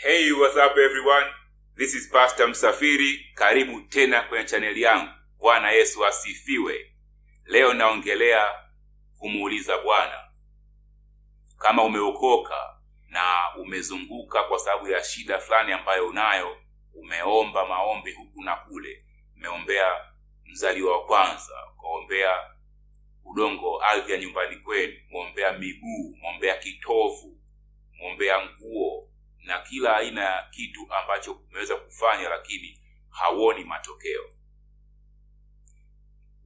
Hey, what's up everyone? This is Pastor Msafiri. Karibu tena kwenye chaneli yangu. Bwana Yesu asifiwe. Leo naongelea kumuuliza Bwana. Kama umeokoka na umezunguka kwa sababu ya shida fulani ambayo unayo, umeomba maombi huku na kule, umeombea mzaliwa wa kwanza, ukaombea udongo, ardhi ya nyumbani kwenu, umeombea miguu, umeombea kitovu, umeombea nguo na kila aina ya kitu ambacho umeweza kufanya, lakini hauoni matokeo.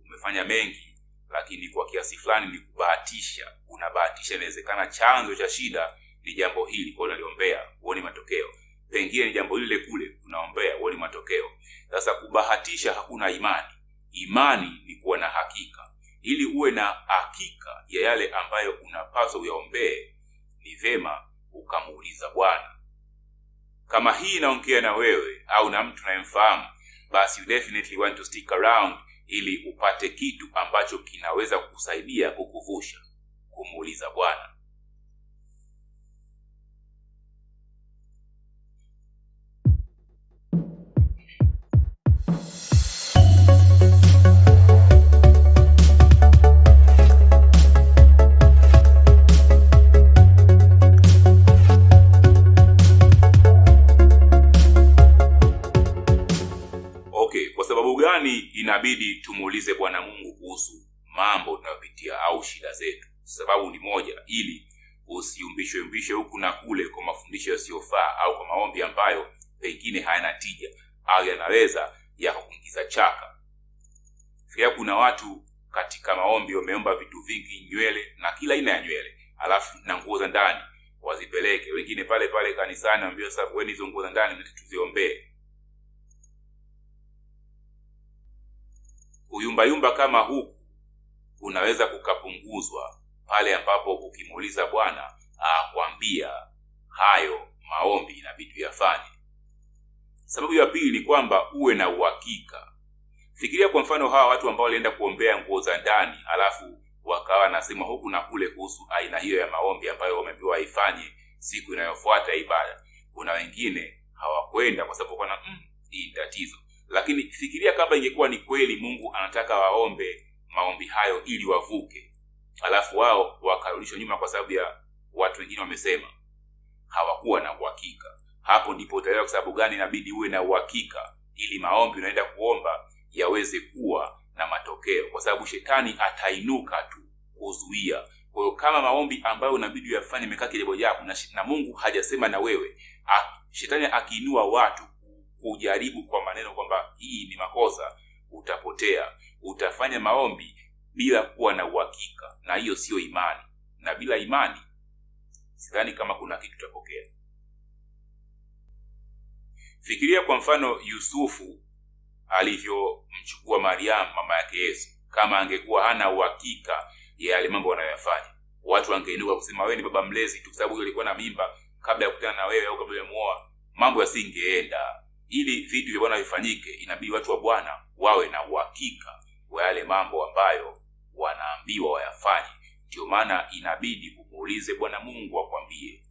Umefanya mengi, lakini kwa kiasi fulani ni kubahatisha, unabahatisha. Inawezekana chanzo cha shida ni jambo hili kwa unaliombea, huoni matokeo. Pengine ni jambo lile kule unaombea, huoni matokeo. Sasa kubahatisha hakuna imani. Imani ni kuwa na hakika. Ili uwe na hakika ya yale ambayo unapaswa uyaombee, ni vyema ukamuuliza Bwana. Kama hii inaongea na wewe au na mtu unayemfahamu, basi you definitely want to stick around ili upate kitu ambacho kinaweza kukusaidia kukuvusha kumuuliza Bwana. inabidi tumuulize Bwana Mungu kuhusu mambo tunayopitia au shida zetu, sababu ni moja, ili usiyumbishwe huku na kule kwa mafundisho yasiyofaa au kwa maombi ambayo pengine hayana tija au yanaweza yakakuingiza chaka. Fikiria kuna watu katika maombi wameomba vitu vingi, nywele na kila aina ya nywele, alafu na nguo za ndani wazipeleke. Wengine pale pale kanisani waambiwa sasa, weni hizo nguo za ndani tuziombee uyumbayumba kama huku kunaweza kukapunguzwa pale ambapo ukimuuliza Bwana ah, akwambia hayo maombi inabidi uyafanye. Sababu ya pili ni kwamba uwe na uhakika. Fikiria kwa mfano hawa watu ambao walienda kuombea nguo za ndani, alafu wakawa nasema huku na kule kuhusu aina hiyo ya maombi ambayo wamepewa ifanye siku inayofuata ibada. Kuna wengine hawakwenda kwa sababu kana mm, hii mm, ni tatizo lakini fikiria kama ingekuwa ni kweli Mungu anataka waombe maombi hayo ili wavuke, alafu wao wakarudishwa nyuma kwa sababu ya watu wengine wamesema, hawakuwa na uhakika. Hapo ndipo utaelewa kwa sababu gani inabidi uwe na uhakika ili maombi unaenda kuomba yaweze kuwa na matokeo, kwa sababu shetani atainuka tu kuzuia. Kwa hiyo kama maombi ambayo unabidi uyafanye imekaa kilebo yako na Mungu hajasema na wewe, shetani akiinua watu kujaribu kwa maneno kwamba hii ni makosa, utapotea, utafanya maombi bila kuwa na uhakika, na hiyo siyo imani, na bila imani sidhani kama kuna kitu tapokea Fikiria kwa mfano Yusufu alivyomchukua Mariamu mama yake Yesu. Kama angekuwa hana uhakika ya yale mambo wanayoyafanya, watu wangeinuka kusema wewe ni baba mlezi tu, kwa sababu huyo alikuwa na mimba kabla ya kukutana na wewe au kabla ya muoa, mambo yasingeenda ili vitu vya Bwana vifanyike, inabidi watu wa Bwana wawe na uhakika wa yale mambo ambayo wanaambiwa wayafanye. Ndiyo maana inabidi umuulize Bwana Mungu akwambie.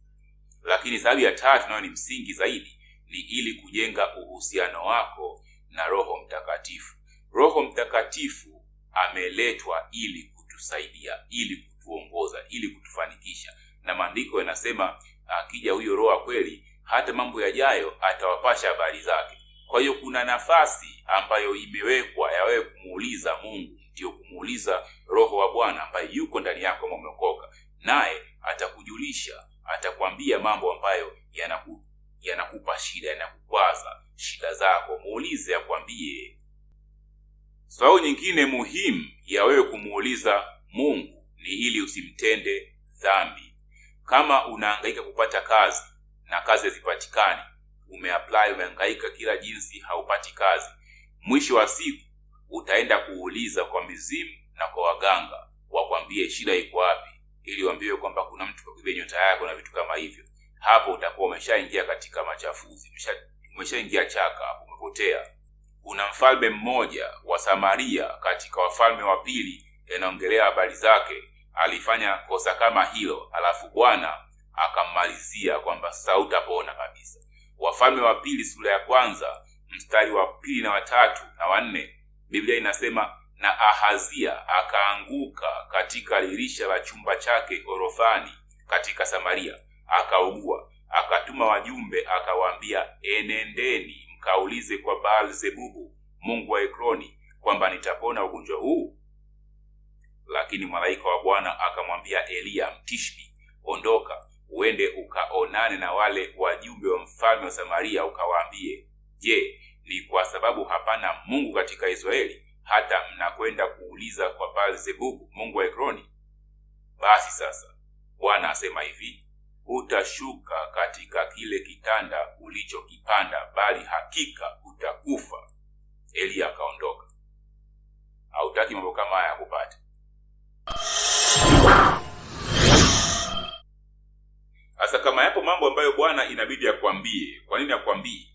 Lakini sababu ya tatu, nayo ni msingi zaidi, ni ili kujenga uhusiano wako na Roho Mtakatifu. Roho Mtakatifu ameletwa ili kutusaidia, ili kutuongoza, ili kutufanikisha, na maandiko yanasema akija huyo Roho kweli hata mambo yajayo atawapasha habari zake. Kwa hiyo kuna nafasi ambayo imewekwa ya wewe kumuuliza Mungu, ndiyo kumuuliza Roho wa Bwana ambaye yuko ndani yako, ama umeokoka, naye atakujulisha, atakwambia mambo ambayo yanaku yanakupa shida, yanakukwaza shida zako, muulize akwambie. Sababu so, nyingine muhimu ya wewe kumuuliza Mungu ni ili usimtende dhambi. Kama unahangaika kupata kazi na kazi hazipatikani. Umeapply, umehangaika kila jinsi, haupati kazi. Mwisho wa siku utaenda kuuliza kwa mizimu na kwa waganga, wakwambie shida iko wapi, ili waambiwe kwamba kuna mtu kakubia nyota yako na vitu kama hivyo. Hapo utakuwa umeshaingia katika machafuzi, umeshaingia chaka, hapo umepotea. Kuna mfalme mmoja wa Samaria katika Wafalme wa Pili, yanaongelea habari zake. Alifanya kosa kama hilo, alafu Bwana akammalizia kwamba sautapona kabisa wafalme wa pili sura ya kwanza mstari wa pili na watatu na wanne biblia inasema na ahazia akaanguka katika dirisha la chumba chake orofani katika samaria akaugua akatuma wajumbe akawaambia enendeni mkaulize kwa baalzebubu mungu wa ekroni kwamba nitapona ugonjwa huu lakini malaika wa bwana akamwambia eliya mtishbi ondoka uende ukaonane na wale wajumbe wa mfalme wa Samaria ukawaambie, je, ni kwa sababu hapana Mungu katika Israeli hata mnakwenda kuuliza kwa baal mungu wa Ekroni? Basi sasa Bwana asema hivi, hutashuka katika kile kitanda ulichokipanda, bali hakika utakufa. Eliya akaondoka. Hautaki mambo kama haya Wow. Sasa kama yapo mambo ambayo Bwana inabidi akwambie, kwa nini akwambii?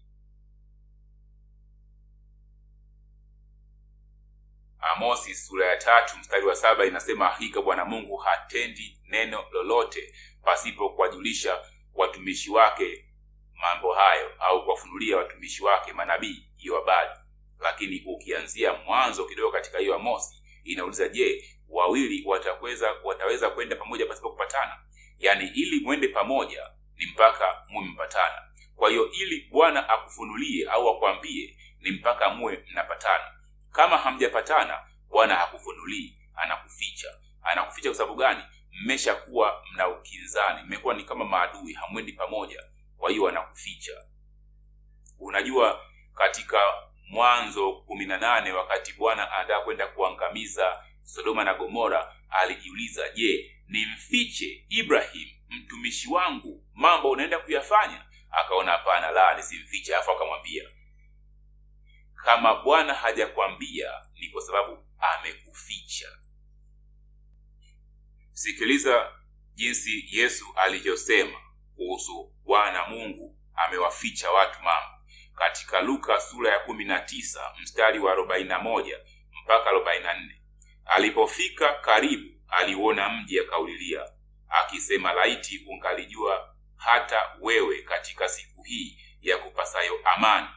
Amosi sura ya tatu mstari wa saba inasema hika Bwana Mungu hatendi neno lolote pasipo kuwajulisha watumishi wake mambo hayo, au kuwafunulia watumishi wake manabii hiyo habari. Lakini ukianzia mwanzo kidogo katika hiyo Amosi inauliza, je, wawili wataweza wataweza kwenda pamoja pasipo kupatana? yani ili mwende pamoja ni mpaka muwe mpatana kwa hiyo ili bwana akufunulie au akwambie ni mpaka muwe mnapatana kama hamjapatana bwana hakufunulii anakuficha anakuficha kwa sababu gani mmeshakuwa mna ukinzani mmekuwa ni kama maadui hamwendi pamoja kwa hiyo anakuficha unajua katika mwanzo kumi na nane wakati bwana anataka kwenda kuangamiza sodoma na gomora alijiuliza je nimfiche ibrahim mtumishi wangu mambo unaenda kuyafanya akaona hapana la nisimfiche alafu akamwambia kama bwana hajakwambia ni kwa sababu amekuficha sikiliza jinsi yesu alivyosema kuhusu bwana mungu amewaficha watu mambo katika luka sura ya 19 mstari wa 41 mpaka 44 alipofika karibu aliuona mji akaulilia, akisema, laiti ungalijua hata wewe katika siku hii ya kupasayo amani,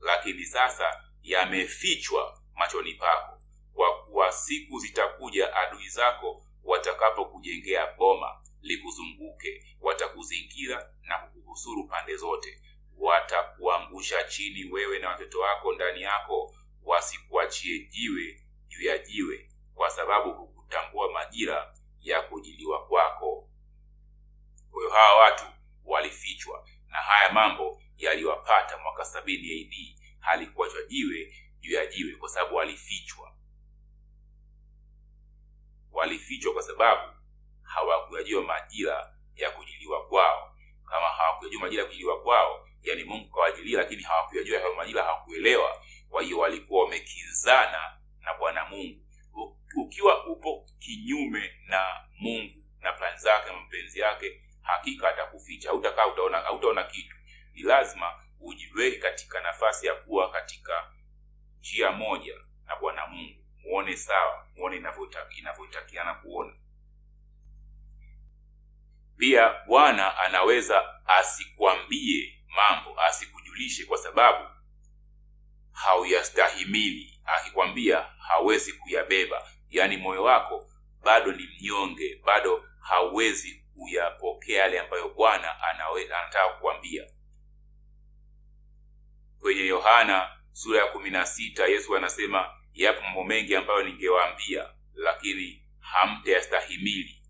lakini sasa yamefichwa machoni pako, kwa kuwa siku zitakuja adui zako watakapokujengea boma likuzunguke, watakuzingira na kukuhusuru pande zote, watakuangusha chini, wewe na watoto wako ndani yako, wasikuachie jiwe juu ya jiwe, kwa sababu kutambua majira ya kujiliwa kwako. Kwa hawa watu walifichwa, na haya mambo yaliwapata mwaka sabini AD, halikuachwa jiwe juu ya jiwe, kwa sababu walifichwa. Walifichwa kwa sababu hawakuyajua majira ya kujiliwa kwao. Kama hawakuyajua majira ya kujiliwa kwao, yani Mungu kawajilia, lakini hawakuyajua hayo majira, hawakuelewa. Kwa hiyo walikuwa wamekinzana na Bwana Mungu ukiwa upo kinyume na mungu na plani zake na mapenzi yake hakika atakuficha hautakaa utaona hautaona kitu ni lazima ujiweke katika nafasi ya kuwa katika njia moja na bwana mungu muone sawa muone inavyotakiana kuona pia bwana anaweza asikwambie mambo asikujulishe kwa sababu hauyastahimili akikwambia hawezi kuyabeba yaani moyo wako bado ni mnyonge, bado hauwezi kuyapokea yale ambayo Bwana anataka kukwambia. Kwenye Yohana sura ya kumi na sita Yesu anasema yapo mambo mengi ambayo ningewaambia, lakini hamtayastahimili.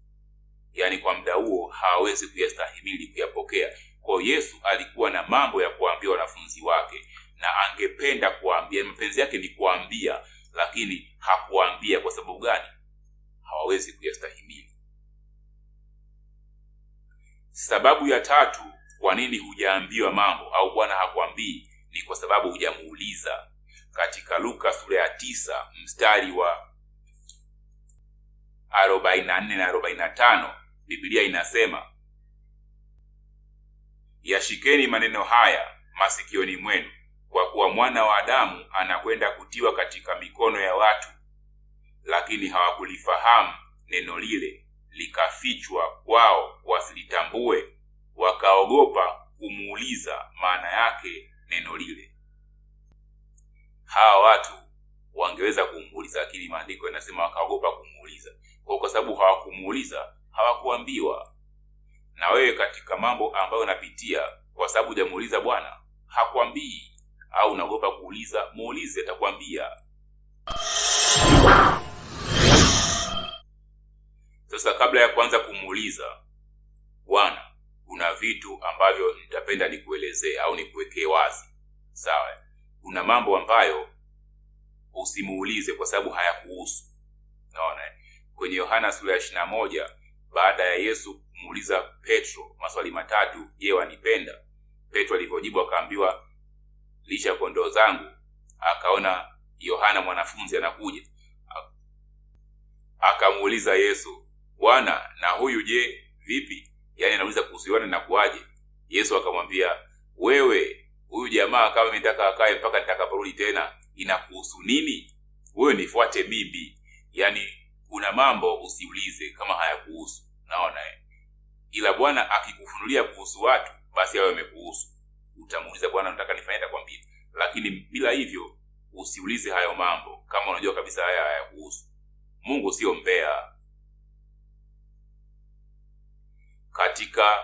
Yaani kwa muda huo hawawezi kuyastahimili kuyapokea. Kwa Yesu alikuwa na mambo ya kuwaambia wanafunzi wake, na angependa kuwaambia, mapenzi yake ni kuwaambia lakini hakuwaambia kwa sababu gani hawawezi kuyastahimili. Sababu ya tatu kwa nini hujaambiwa mambo au Bwana hakuambii ni kwa sababu hujamuuliza. Katika Luka sura ya tisa mstari wa 44 na 45 Biblia inasema, yashikeni maneno haya masikioni mwenu kwa kuwa mwana wa Adamu anakwenda kutiwa katika mikono ya watu. Lakini hawakulifahamu neno lile, likafichwa kwao wasilitambue, wakaogopa kumuuliza maana yake neno lile. Hawa watu wangeweza kumuuliza, lakini maandiko yanasema wakaogopa kumuuliza. Kwa kwa sababu hawakumuuliza, hawakuambiwa. Na wewe katika mambo ambayo unapitia, kwa sababu hujamuuliza Bwana hakwambii au unaogopa kuuliza, muulize, atakwambia. Sasa kabla ya kuanza kumuuliza, bwana, kuna vitu ambavyo nitapenda nikuelezee au nikuwekee wazi, sawa? Kuna mambo ambayo usimuulize kwa sababu hayakuhusu. Naona kwenye Yohana sura ya moja baada ya Yesu kumuuliza Petro maswali matatu, je, wanipenda? Petro alivyojibu akaambiwa lisha ya kondoo zangu. Akaona Yohana mwanafunzi anakuja, akamuuliza Yesu, Bwana, na huyu je, vipi? Yaani anauliza kuhusu Yohana inakuwaje. Yesu akamwambia, wewe, huyu jamaa kama mitaka akae mpaka nitakaporudi tena, inakuhusu nini? Wewe nifuate mimi. Yaani kuna mambo usiulize kama hayakuhusu, naona eh? ila Bwana akikufunulia kuhusu watu, basi awe amekuhusu utamuuliza bwana nataka nifanye atakwambia lakini bila hivyo usiulize hayo mambo kama unajua kabisa haya hayakuhusu mungu sio mbea katika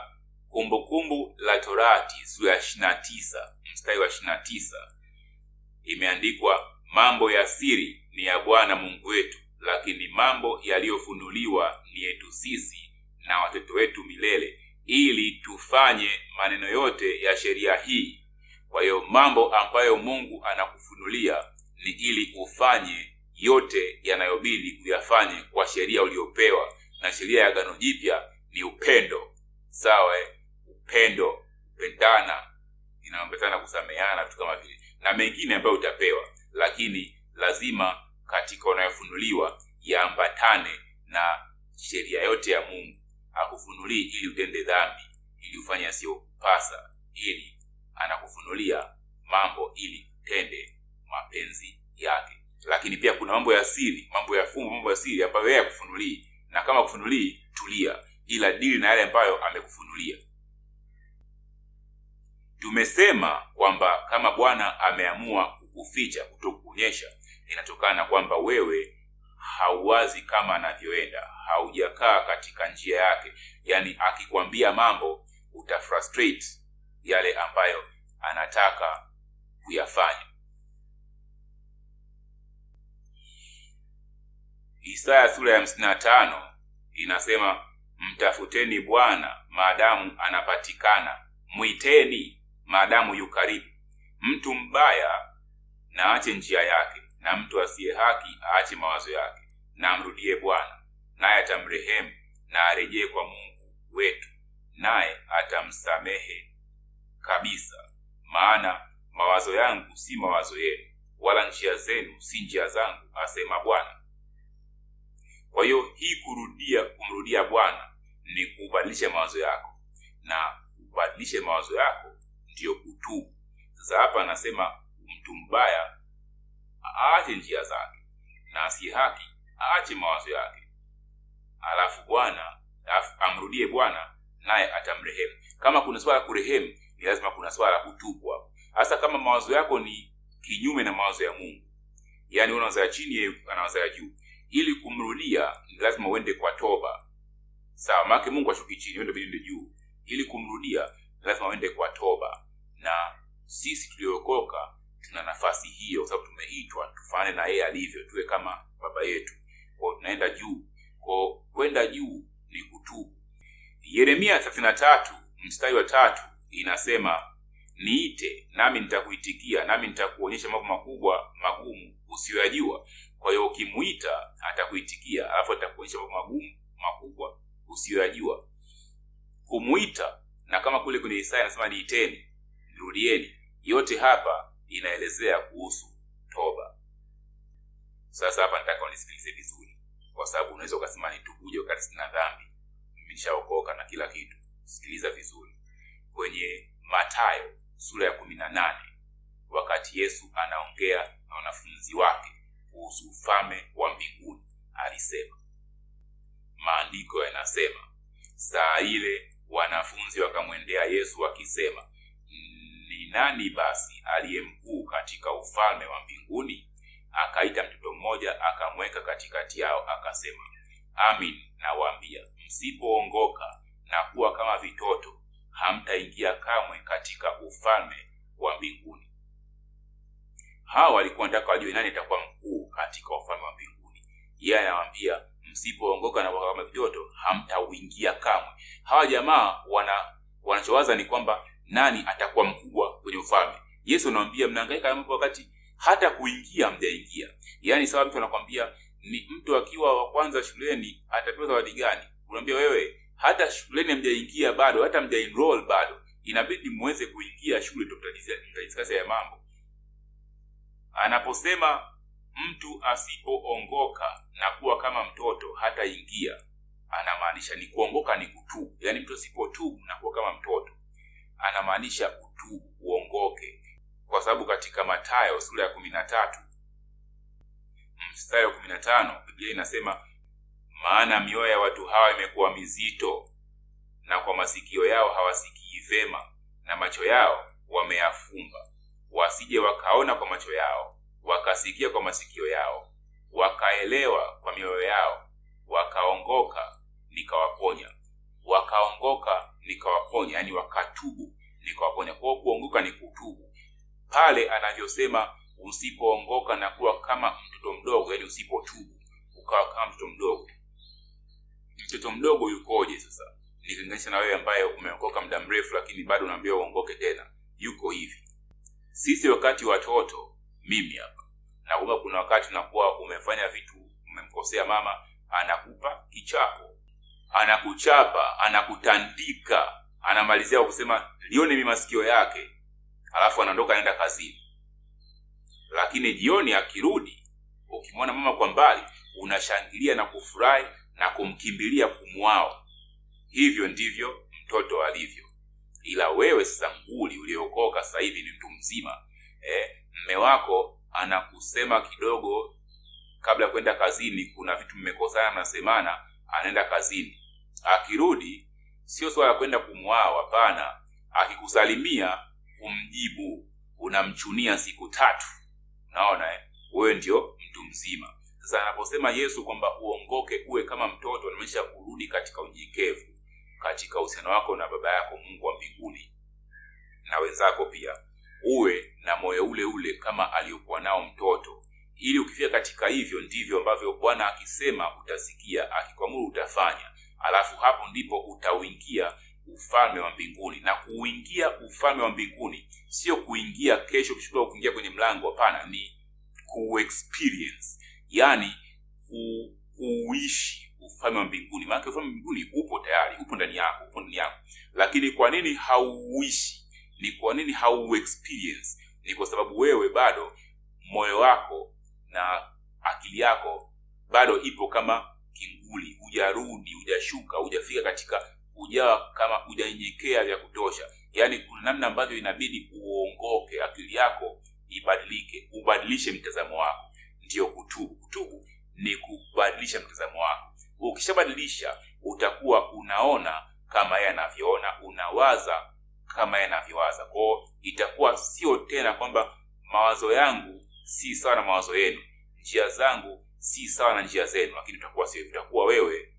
kumbukumbu kumbu la torati sura ya ishirina tisa mstari wa ishirina tisa imeandikwa mambo ya siri ni ya bwana mungu wetu lakini mambo yaliyofunuliwa ni yetu sisi na watoto wetu milele ili tufanye maneno yote ya sheria hii. Kwa hiyo mambo ambayo Mungu anakufunulia ni ili ufanye yote yanayobidi uyafanye kwa sheria uliyopewa, na sheria ya Agano Jipya ni upendo. Sawa, eh? upendo, upendana inaambatana kusameheana, vitu kama vile na mengine ambayo utapewa, lakini lazima katika unayofunuliwa yaambatane na sheria yote ya Mungu akufunulii ili utende dhambi, ili ufanye asiyopasa, ili anakufunulia mambo ili utende mapenzi yake. Lakini pia kuna mambo ya siri, mambo ya fumo mambo ya siri ambayo yeye akufunulii, na kama akufunulii, tulia, ila dili na yale ambayo amekufunulia. Tumesema kwamba kama Bwana ameamua kukuficha, kutokuonyesha, inatokana kwamba wewe hauwazi kama anavyoenda, haujakaa katika njia yake. Yani akikwambia mambo utafrustrate yale ambayo anataka kuyafanya. Isaya sura ya hamsini tano inasema mtafuteni Bwana maadamu anapatikana, mwiteni maadamu yu karibu. Mtu mbaya na ache njia yake na mtu asiye haki aache mawazo yake na amrudie Bwana, naye atamrehemu na arejee kwa Mungu wetu, naye atamsamehe kabisa. Maana mawazo yangu si mawazo yenu, wala njia zenu si njia zangu, asema Bwana. Kwa hiyo hii kurudia, kumrudia Bwana ni kubadilisha mawazo yako, na kubadilisha mawazo yako ndiyo kutubu. Sasa hapa anasema mtu mbaya aache njia zake, na asiye haki aache mawazo yake. Alafu Bwana amrudie Bwana, naye atamrehemu. Kama kuna swala ya kurehemu, ni lazima kuna swala ya kutupwa hasa kama mawazo yako ni kinyume na mawazo ya Mungu, yaani unawaza ya chini, yeye anawaza ya juu. Ili kumrudia, ni lazima uende kwa toba, sawa? Maanake Mungu ashuki chini, uende vilinde juu. Ili kumrudia, ni lazima uende kwa toba, na sisi tuliokoka tuna nafasi hiyo kwa sababu tumeitwa tufane na yeye alivyo tuwe kama baba yetu kwao tunaenda juu kwao kwenda juu ni kutubu yeremia tatu mstari wa tatu inasema niite nami nitakuitikia nami nitakuonyesha mambo makubwa magumu usiyoyajua kwa hiyo ukimuita atakuitikia alafu atakuonyesha mambo magumu makubwa usiyoyajua kumuita na kama kule kwenye isaya anasema niiteni nirudieni yote hapa inaelezea kuhusu toba. Sasa hapa nataka unisikilize vizuri, kwa sababu unaweza ukasema nitubuje wakati sina dhambi, nimeshaokoka na kila kitu. Sikiliza vizuri, kwenye matayo sura ya kumi na nane wakati Yesu anaongea na wanafunzi wake kuhusu ufalme wa mbinguni alisema, maandiko yanasema, saa ile wanafunzi wakamwendea Yesu wakisema nani basi aliye mkuu katika ufalme wa mbinguni? Akaita mtoto mmoja akamweka katikati yao, akasema, amin nawaambia, msipoongoka na kuwa kama vitoto, hamtaingia kamwe katika ufalme wa mbinguni. Hawa walikuwa nataka wajue nani atakuwa mkuu katika ufalme wa mbinguni. Yeye anawaambia msipoongoka na kuwa kama vitoto, hamtauingia kamwe. Hawa jamaa wana wanachowaza ni kwamba nani atakuwa mkubwa kwenye ufalme. Yesu anamwambia mnahangaika mambo wakati hata kuingia mjaingia. Yaani sawa, mtu anakwambia ni mtu akiwa wa kwanza shuleni atapewa zawadi gani? Unaambia wewe hata shuleni mjaingia bado, hata mja enroll bado, inabidi muweze kuingia shule ndio mtadiskasi ya mambo. Anaposema mtu asipoongoka na kuwa kama mtoto hataingia, anamaanisha ni kuongoka, ni kutubu. Yaani mtu asipotubu na kuwa kama mtoto anamaanisha utubu, uongoke, kwa sababu katika Mathayo sura ya kumi na tatu mstari wa kumi na tano Biblia inasema maana mioyo ya watu hawa imekuwa mizito, na kwa masikio yao hawasikii vema, na macho yao wameyafumba, wasije wakaona kwa macho yao, wakasikia kwa masikio yao, wakaelewa kwa mioyo yao, wakaongoka nikawaponya. Wakaongoka nikawaponya yani wakatubu nikawaponya kwao kuongoka ni kutubu pale anavyosema usipoongoka na kuwa kama mtoto mdogo yani usipotubu ukawa kama mtoto mdogo mtoto mdogo yukoje sasa nikilinganisha na wewe ambaye umeongoka muda mrefu lakini bado unaambiwa uongoke tena yuko hivi sisi wakati watoto mimi hapa nakumbuka kuna wakati unakuwa umefanya vitu umemkosea mama anakupa kichapo anakuchapa, anakutandika, anamalizia kusema lione mi masikio yake, alafu anaondoka anaenda kazini. Lakini jioni akirudi, ukimwona mama kwa mbali, unashangilia na kufurahi na kumkimbilia kumwao. Hivyo ndivyo mtoto alivyo, ila wewe sasa nguli uliokoka sasa hivi ni mtu mzima eh, mme wako anakusema kidogo kabla ya kwenda kazini, kuna vitu mmekosana, nasemana anaenda kazini. Akirudi sio swala ya kwenda kumwao, hapana. Akikusalimia kumjibu, unamchunia siku tatu. Unaona eh? Wewe ndio mtu mzima. Sasa anaposema Yesu kwamba uongoke uwe kama mtoto, anamaanisha kurudi katika unyenyekevu katika uhusiano wako na baba yako Mungu wa mbinguni na wenzako pia, uwe na moyo ule ule kama aliyokuwa nao mtoto ili ukifika katika hivyo ndivyo ambavyo bwana akisema utasikia akikwamuru utafanya alafu hapo ndipo utauingia ufalme wa mbinguni na kuuingia ufalme wa mbinguni sio kuingia kesho kishukulia kuingia kwenye mlango hapana ni kuexperience yani kuuishi ufalme wa mbinguni maanake ufalme wa mbinguni upo tayari upo ndani yako upo ndani yako lakini kwa nini hauuishi ni kwa nini hauexperience ni kwa sababu wewe bado moyo wako na akili yako bado ipo kama kinguli, hujarudi, hujashuka, hujafika katika ujawa, kama hujanyenyekea vya kutosha. Yaani kuna namna ambavyo inabidi uongoke, akili yako ibadilike, ubadilishe mtazamo wako. Ndiyo kutubu. Kutubu ni kubadilisha mtazamo wako. Ukishabadilisha utakuwa unaona kama yeye anavyoona, unawaza kama yeye anavyowaza. Kwao itakuwa sio tena kwamba mawazo yangu si sawa na mawazo yenu njia zangu si sawa na njia zenu lakini utakuwa, utakuwa wewe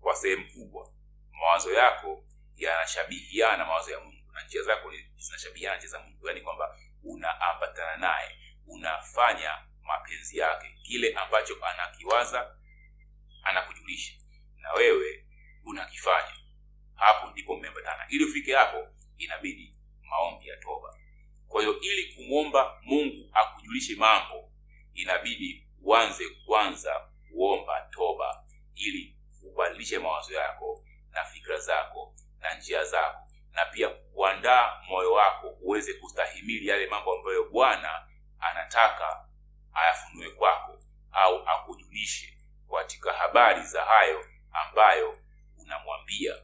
kwa sehemu kubwa mawazo yako yanashabihiana mawazo ya mungu na njia zako zinashabihiana njia za mungu yaani kwamba unaambatana naye unafanya mapenzi yake kile ambacho anakiwaza anakujulisha na wewe unakifanya hapo ndipo mmeambatana ili ufike hapo inabidi maombi ya toba kwa hiyo ili kumwomba Mungu akujulishe mambo, inabidi uanze kwanza kuomba toba, ili kubadilishe mawazo yako na fikra zako na njia zako, na pia kuandaa moyo wako uweze kustahimili yale mambo ambayo Bwana anataka ayafunue kwako au akujulishe katika habari za hayo ambayo unamwambia.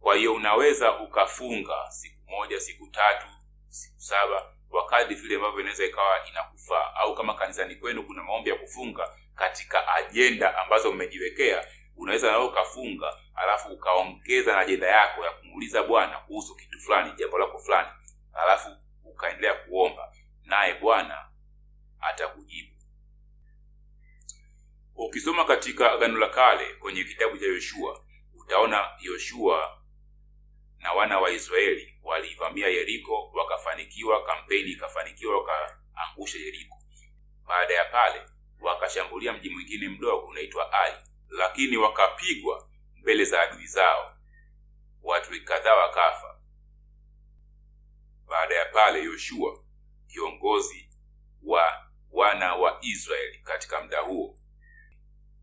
Kwa hiyo unaweza ukafunga siku moja, siku tatu, siku saba, wakati vile ambavyo inaweza ikawa inakufaa, au kama kanisani kwenu kuna maombi ya kufunga katika ajenda ambazo mmejiwekea, unaweza nao ukafunga, alafu ukaongeza na ajenda yako ya kumuuliza Bwana kuhusu kitu fulani, jambo lako fulani, alafu ukaendelea kuomba, naye Bwana atakujibu. Ukisoma katika Agano la Kale kwenye kitabu cha Yoshua utaona Yoshua na wana wa Israeli walivamia Yeriko, wakafanikiwa, kampeni ikafanikiwa, wakaangusha Yeriko. Baada ya pale, wakashambulia mji mwingine mdogo unaitwa Ai, lakini wakapigwa mbele za adui zao, watu kadhaa wakafa. Baada ya pale, Yoshua kiongozi wa wana wa Israeli katika muda huo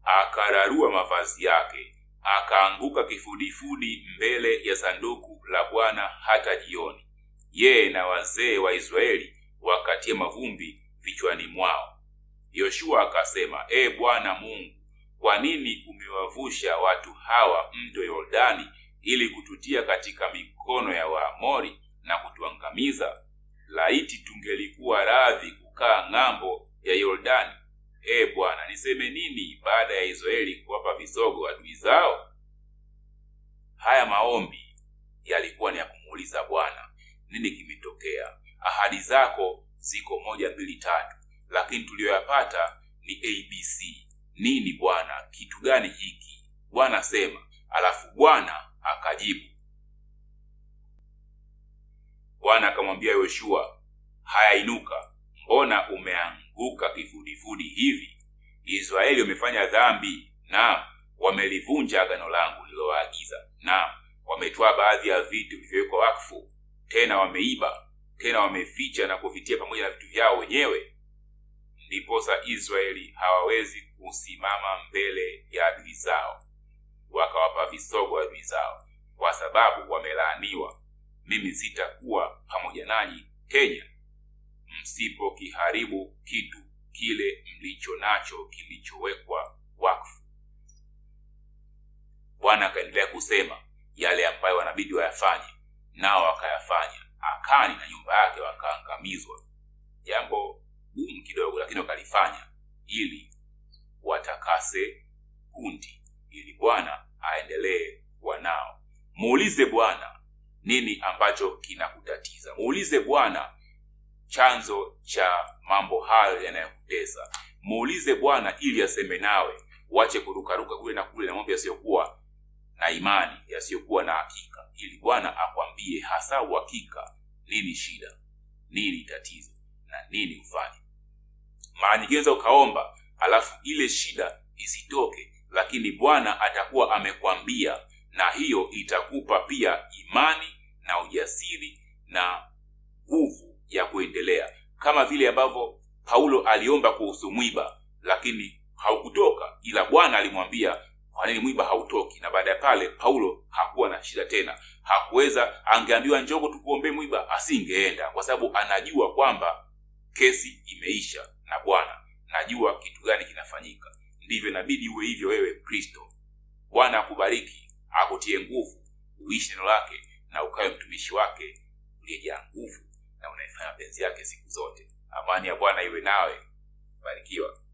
akararua mavazi yake, akaanguka kifudifudi mbele ya sanduku la Bwana hata jioni, yeye na wazee wa Israeli wakatie mavumbi vichwani mwao. Yoshua akasema, Ee Bwana Mungu, kwa nini umewavusha watu hawa mto Yordani ili kututia katika mikono ya Waamori na kutuangamiza? Laiti tungelikuwa radhi kukaa ng'ambo ya Yordani. E Bwana, niseme nini baada ya Israeli kuwapa visogo adui zao? Haya maombi yalikuwa ni ya kumuuliza Bwana, nini kimetokea? Ahadi zako ziko moja, mbili, tatu, lakini tuliyoyapata ni abc. Nini Bwana? Kitu gani hiki? Bwana sema. Alafu Bwana akajibu. Bwana akamwambia Yoshua, hayainuka mbona umeanguka kifudifudi hivi? Israeli wamefanya dhambi na wamelivunja agano langu nililowaagiza. Naam, wametwaa baadhi ya vitu vilivyowekwa wakfu, tena wameiba, tena wameficha na kuvitia pamoja na vitu vyao wenyewe. Ndiposa Israeli hawawezi kusimama mbele ya adui zao, wakawapa visogo adui zao, kwa sababu wamelaaniwa. Mimi sitakuwa pamoja nanyi kenya msipokiharibu kitu kile mlicho nacho kilichowekwa wakfu. Bwana akaendelea kusema yale ambayo wanabidi wayafanye, nao wakayafanya. Akani na nyumba yake wakaangamizwa, jambo gumu kidogo, lakini wakalifanya ili watakase kundi, ili Bwana aendelee kuwa nao. Muulize Bwana nini ambacho kinakutatiza. Muulize Bwana chanzo cha mambo hayo yanayokutesa. Muulize Bwana ili aseme nawe, wache kurukaruka kule na kule na mambo yasiyokuwa na imani yasiyokuwa na hakika, ili Bwana akwambie hasa uhakika nini shida, nini tatizo na nini ufanye. Maana ingeweza ukaomba alafu ile shida isitoke, lakini Bwana atakuwa amekwambia, na hiyo itakupa pia imani na ujasiri na nguvu ya kuendelea, kama vile ambavyo Paulo aliomba kuhusu mwiba, lakini haukutoka, ila Bwana alimwambia Yohane mwiba hautoki. Na baada ya pale Paulo hakuwa na shida tena, hakuweza angeambiwa njogo tukuombee mwiba, asingeenda kwa sababu anajua kwamba kesi imeisha na Bwana, najua kitu gani kinafanyika. Ndivyo inabidi uwe hivyo wewe kristo Bwana akubariki, akutie nguvu, uishi neno lake na ukawe mtumishi wake uliyejaa nguvu na unaifanya mapenzi yake siku zote. Amani ya Bwana iwe nawe. Barikiwa.